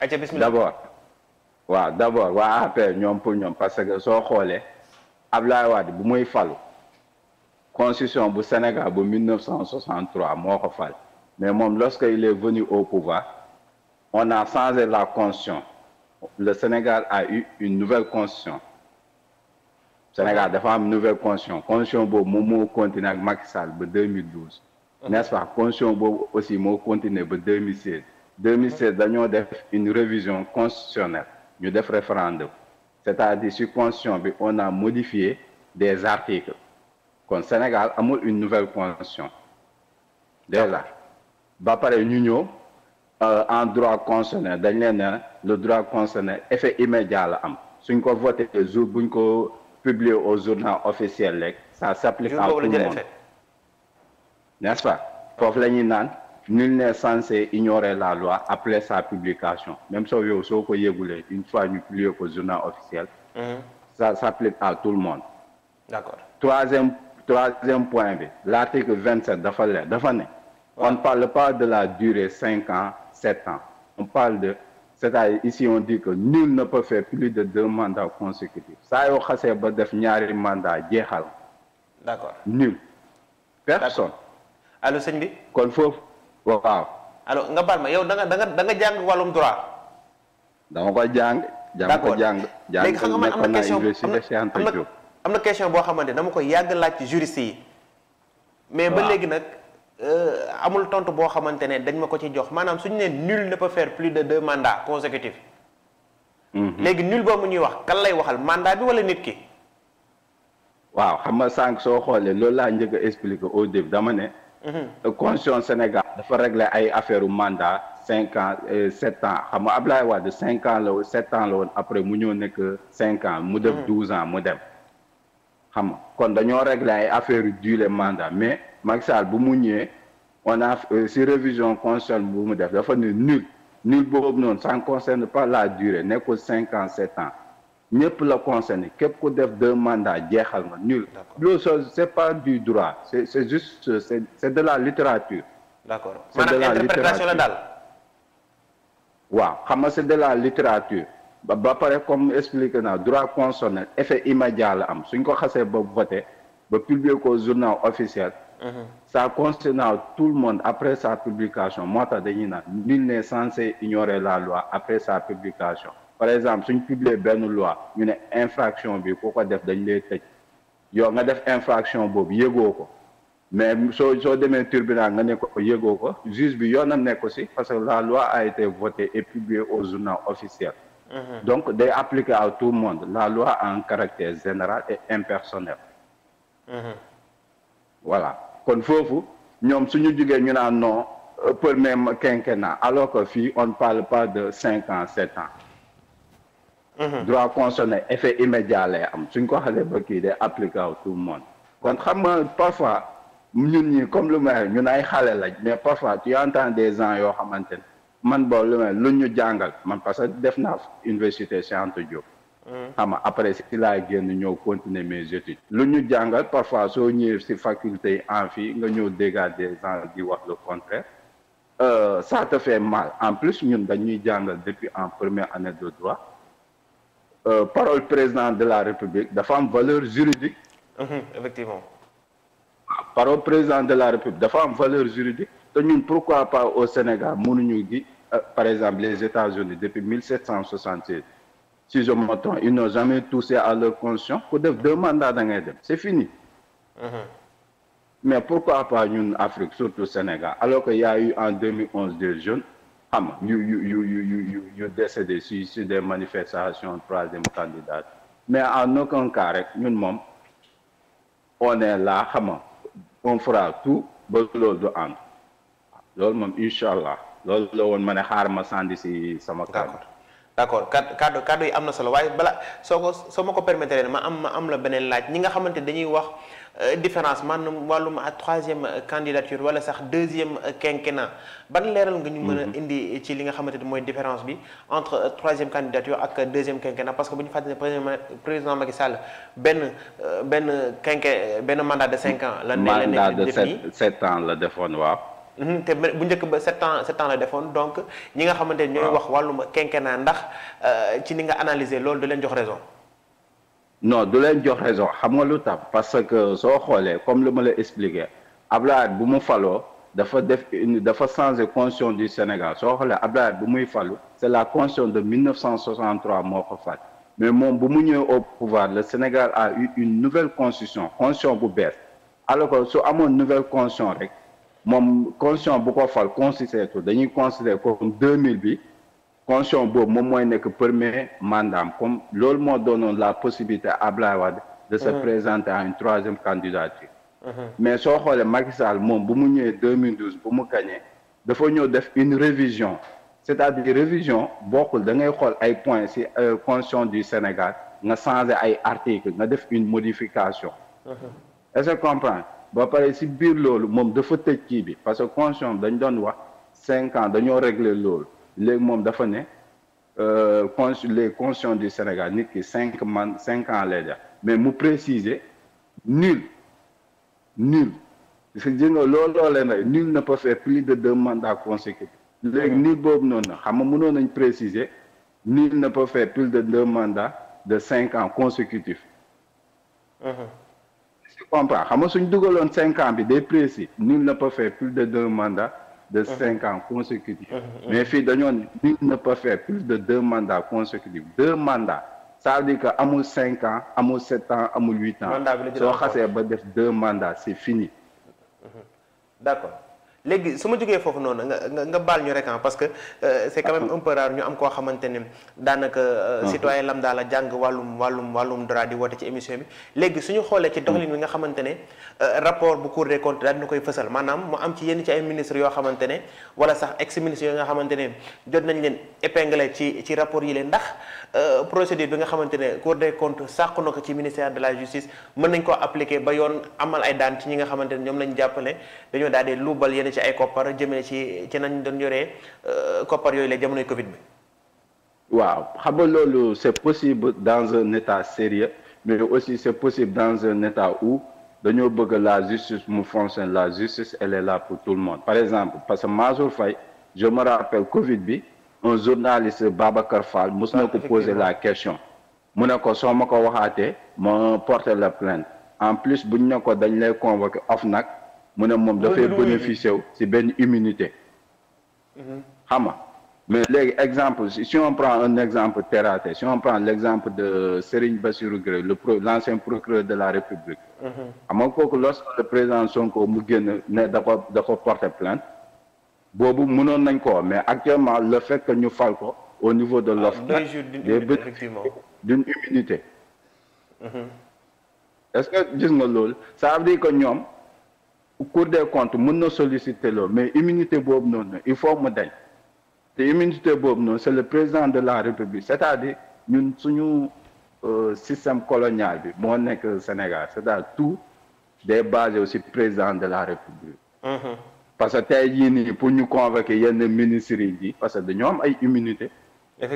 ayca bismillah d' abord waaw d' abord waa APR ñoom pour ñoom parce que soo xoolee Ablaye Wade bu muy falu constitution bu Sénégal bu 1963 moo ko fal mais moom lorsque il est venu au pouvoir on a changé la constitution le Sénégal a eu une nouvelle constitution Sénégal dafa am nouvelle constitution constitution boobu moom moo continué ak Macky ba 2012 n'est-ce pas constitution boobu aussi moo continué ba 2016 2016 dañoo def une révision constitutionnelle ñu def référendum c'est-à-dire sur constitution bi on a modifié des articles kon Sénégal amul une nouvelle constitution déjà ba pare ñu ñëw euh, en droit constitutionnel dañ leen ne le droit constitutionnel effet immédiat la am suñ ko voté jour buñ ko publié au journal officiel rek ça s'applique à tout le nest pas foofu la ñuy naan nul n'est censé ignorer la loi après sa publication même soo yow soo ko yégulee une fois ñu publié ko journal officiel mm s'applique à tout le monde d'accord troisième troisième point bi l'article vingt-sept dafa leer dafa ne on parle pas de la durée cinq ans sept ans on parle de c'est-à-dire ici on dit que nul ne peut faire plus de deux mandats consécutifs saa yoo xasee ba def ñaari mandat jeexal d'accord nul personne allo sëñ bi waaw. alors nga baal ma yow da nga da jàng wàllum droit. dama ko jàng. jàng ko jàng jàng léegi xam nga man am na question am na question boo xamante dama koy yàgg laaj ci juriste yi. mais ba léegi nag euh, amul tontu boo xamante ne dañ ma ko ci jox maanaam suñu nee nul ne peut faire plus de deux mandats consécutifs. Mhm. léegi nul boobu ñuy wax kan lay waxal mandat bi wala nit ki. waaw xam nga sànq soo xoolee loolu laa njëkk a expliqué au début dama ne. Euh, constitution Sénégal dafa régler ay affaire u mandat cinq ans euh, sept ans xam nga Ablaye Wade cinq ans la woon après mu ñëw nekk cinq ans mu dem douze ans mu dem xam nga kon dañoo régler ay affaire yu durée mandat mais Macky bu mu ñëwee on a euh, si révision constitutionnelle bu mu def dafa ne nul nul boobu noonu ça ne concerne pas la durée nekkul cinq ans sept ans ñëpp la concerné képp ku def de mandats jeexal nga nul loolu c'est pas du droit c'est c'est juste c'est c'est de la littérature d'accord maanaam interprétation la daal waaw xam nga c'est de la littérature ba ba pare comme expliqué naa droit constitutionnel effet immédiat la am suñ ko xasee ba voté ba publier ko journal officiel mhm. ça concerne tout le monde après sa publication moo tax dañuy na nul n'est censé ignorer la loi après sa publication par exemple suñ publier benn loi ñu ne infraction bi ku ko def dañ lay tëj yow nga def infraction boobu yëgoo ko mais soo soo demee tribunal nga ne ko yëgoo ko juge bi yoonam nekk ko si parce que la loi a été votée et publiée au journal officiel mhm. donc day appliqué à tout le monde la loi a un caractère général et impersonnel mhm. voilà kon foofu ñoom suñu jugee ñu naan non euh, pour même quinquennat alors que fii on ne parle pas de cinq an sept ans Mhm. droit concerné effet immédiat lay am suñ ko xalee ba kii day applicable tout le monde kon xam nga parfois ñun ñi comme lu may ñun ay xale lañ mais parfois tu entends des gens yoo xamante ne man boobu lu may lu ñu jàngal man parce que def naa université Cheikh Anta Diop mhm. xam nga après si laa génn ñëw continuer mes études lu ñu jàngal parfois soo ñëwee si faculté yi en fii nga ñëw dégâts des gens di wax le contraire euh, ça te fait mal en plus ñun ñuy jàngal depuis en première année de Euh, parole président de la république dafa am valeur juridique. Mhm, effectivement. Ah, parole président de la république dafa am valeur juridique te ñun pourquoi pas au Sénégal mënuñu gi euh, par exemple les États-Unis depuis mille sept cent soixante six si je me trompe ils n'ont jamais à leur constitution ku def deux mandats ngay dem c'est fini. Mhm. mais pourquoi pas ñun Afrique surtout Sénégal alors que y a eu en jeunes. xam yu yu yu yu yu yu décédé si si des manifestations troisième candidat mais en aucun cas rek ñun moom on laa là xama on tout ba loolu du am loolu moom incha allah loolu la woon ma ne xaar ma sànni si sama kàddu. d' accord kàddu kàddu yi am na solo waaye bala soo ko soo ma ko permettre ma am ma am la beneen laaj ñi nga xamante dañuy wax. Euh, différence man maanaam wàllum euh, troisième euh, candidature wala sax deuxième quinquennat ban leeral nga ñu mën a mhm. indi ci li nga xamante ni mooy différence bi entre troisième candidature ak deuxième quinquennat parce que bu ñu fàttali ne président Macky Sall benn benn quinquennat benn mandat de cinq ans. la ne la mandat de sept sept ans la defoon waaw. Mhm, te bu njëkk ba sept ans sept ans la defoon donc ñi nga xamante ni ñooy wax wàllum quinquennat ndax ci ni nga analyser loolu da leen jox raison. non du leen jox raison xam nga lu tax parce que soo xoolee comme lu ma la expliqué Abdoulaye bu mu faloo dafa def dafa changé constitution du Sénégal soo xoolee Abdoulaye bu muy falu c'est la constitution de 1963 moo ko fal mais moom bu mu ñëwee au pouvoir le Sénégal a eu une nouvelle constitution constitution bu bees alors que su amoon nouvelle constitution rek moom constitution bu ko fal constitué dañuy considérer comme 2000 bi. constitution boobu moom mooy nekk premier mandaam comme loolu moo doonoon la possibilité Ablaye Wade de se présenter à une troisième candidature mais soo xoolee Macky moom bu mu ñëwee 2012 bu mu gagné dafa ñëw def une révision c'est-à-dire révision bokkul da ngay xool ay point ci constitution euh, du Sénégal nga changé ay articles nga def une modification est-ce que comprend ba pare si biir loolu moom dafa tëj kii bi parce que constitution dañ doon wax cinq dañoo régler loolu léegi moom dafa ne euh, con les constitutions du Sénégal nit ki cinq man cinq ans lay mais mu préciser nul nul parce que jënga loolu loo leen rek nul na peut faire plus de deux mandats consécutifs léegi mmh. nul boobu noonu na xam nga mënoon nañ préciser nul na peut faire plus de deux mandats de cinq ans consécutifs mmh. tu comprends xam nga suñ dugaloon cinq ans bi day précis nul ne peut faire plus de deux mandats de cinq ans consécutifs. mais fii dañoo ne nul ne peut faire plus de deux mandats consécutifs deux mandats ça veut dire que amul cinq ans amul sept ans amul huit ans. soo xasee ba def deux mandats c'est fini. d'accord. léegi su ma jógee foofu noonu nga nga baal ñu rek ah, parce que euh, c'est quand même un ñu am koo xamante ne daanaka. Euh, mm-hmm. citoyen lam la jàng wàllum wàllum wàllum droit di woote ci émission bi. léegi suñu xoolee ci doxalin bi nga xamante ne euh, rapport bu Cour des comptes daal dina koy fësal maanaam mu am ci yenn ci ay ministres yoo xamante ne wala sax ex ministres yoo nga xamante ne jot nañ leen épinglé ci ci rapport yi leen ndax procédure bi nga xamante ne Cour des comptes na ko ci ministère de la justice mën nañ koo appliquer ba yoon amal ay daan ñi nga xamante ne ñoom lañ jàppale dañoo daal di luubal yenn ci ay koppar jëmee ci ci nañ doon yoree euh, koppar yooyu la jamonoy Covid bi. waaw xam nga loolu c'est possible dans un état sérieux mais aussi c'est possible dans un état où dañoo bëgg la justice mu fonctionne la justice elle est là pour tout le monde par exemple parce que Mansour Faye je me rappelle Covid bi un journaliste Babacar Fall mos na ko la question mu ne ko soo ma ko waxaatee ma porter la plainte en plus buñ ne ko dañ lay convoquer OFNAC mu ne moom dafay bénéficier wu si benn immunité mhm. xam nga mais léegi exemple si on prend un exemple terre à si on prend l' exemple de Serigne Bassirou Guèye le pro l' ancien procureur de la République mhm. xam nga kooku lorsque le président Sonko mu génn ne da ko da ko porter plainte boobu mënoon nañ ko mais actuellement le fait que ñu fal ko au niveau de ah, l'offre des bénéfices d'une immunité mhm. est-ce que gis nga lool ça veut dire que ñoom cour de comptes mun na solliciter loolu mais immunité boobu noonu il faut mu dañ te immunité boobu noonu c'est le président de la république c'est-à-dire ñun suñu euh, système colonial bi moo nekk Sénégal cest à tout des basé aussi président de la république mm-hmm. parce que te jii nii pour ñu convoquer yenn ministres yi parce que dañoo am ay immunité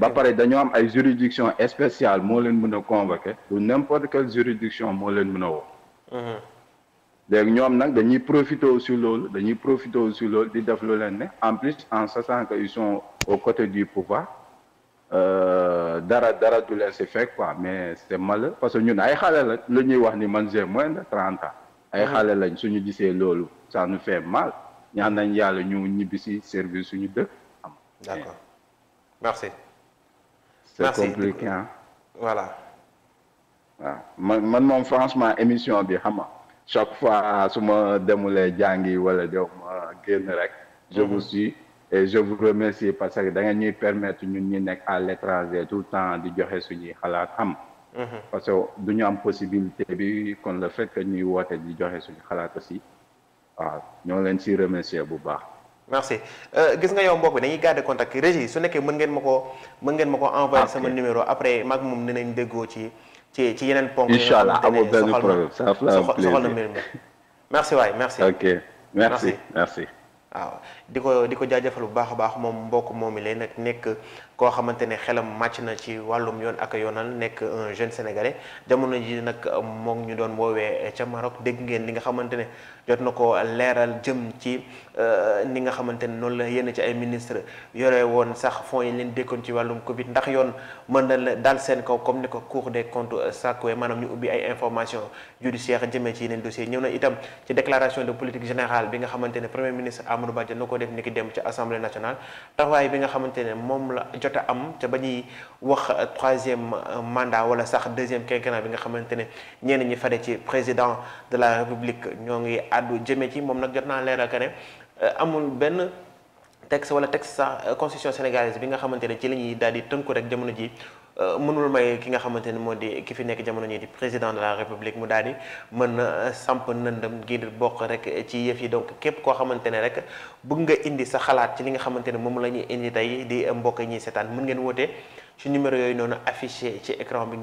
ba pare dañoo am ay juridiction spéciale moo leen mun a convoquer du n'importe quelle juridiction moo leen mën a woo mm-hmm. léegi ñoom nag dañuy profité si loolu dañuy profité aussi loolu di def lu leen ne en plus en sachant que ils sont aux côtés du pouvoir euh, dara dara du leen si fekk quoi mais c'est mal parce que ñun ay xale la ñuy wax ni man j'ai moins de trente ans ay xale lañ suñu gisee loolu ça nous fait mal ñaan nañ yàlla ñu ñibbi si service suñu dëkk am d'accord merci c'est compliqué voilà waaw man moom franchement émission bi xam nga chaque fois su ma demulee jàngi wala dew ma génn rek je mhm. vous suis et je vous remercie parce que dangeen ñuy permettre ñun ñu nekk à l'étranger tout le temps di joxe suñuy xalaat am mhm. parce que du ñu am possibilité bi kon le fait que ñuy woote di joxe suñu xalaat aussi waaw ñoo leen si remercier bu baax merci euh, gis nga yow mbokk bi dañuy garder contact régie su nekkee mën ngeen ma ko mën ngeen ma ko envoyer ah, sama numéro après mag moom dinañ déggoo ci ci ci yeneen ponk incha allah amul benn problème ça fera un plaisir soxal na mbir mi merci waay merci. ok merci waaw di ko di ko jaajëfal bu baax a baax moom mbokk moom mi lay nag nekk koo xamante ne xelam màcc na ci wàllum yoon ak yoonal nekk un jeune sénégalais jamono ji nag moom ñu doon woowee ca Maroc dégg ngeen li nga xamante ne jot na ko leeral jëm ci euh, ni nga xamante ne noonu la yenn ci ay ministre yore woon sax fonds yi leen dékkoon ci wàllum Covid ndax yoon mën na daal seen kaw comme ni ko Cour des comptes sàkkuwee maanaam ñu ubbi ay information judiciaire jëmee ci yeneen dossier ñëw na itam ci déclaration de politique générale bi nga xamante ne premier ministre Amadou Ba jot na ko def ni ki dem ci assemblée nationale taxawaay bi jot a am ca ba ñuy wax troisième euh, mandat wala sax deuxième quinquennat bi nga xamante ne ñenn ñi fare ci président de la république ñoo ngi àddu jëmee ci moom nag jot naa leeral que ne euh, amul benn texte wala texte sax euh, constitution sénégalaise bi nga xamante ne ci la ñuy daal di tënku rek jamono ji Euh, mënul may ki nga xamante ni moo di ki fi nekk jamono ñii di président de la république mu daal mën na samp nëndam ngir bokk rek ci yëf yi donc képp koo xamante ne rek bëgg nga indi sa xalaat ci li nga xamante ne moom la ñuy indi tey di mbokk ñi seetaan mën ngeen woote ci numéro yooyu noonu affiché ci écran bi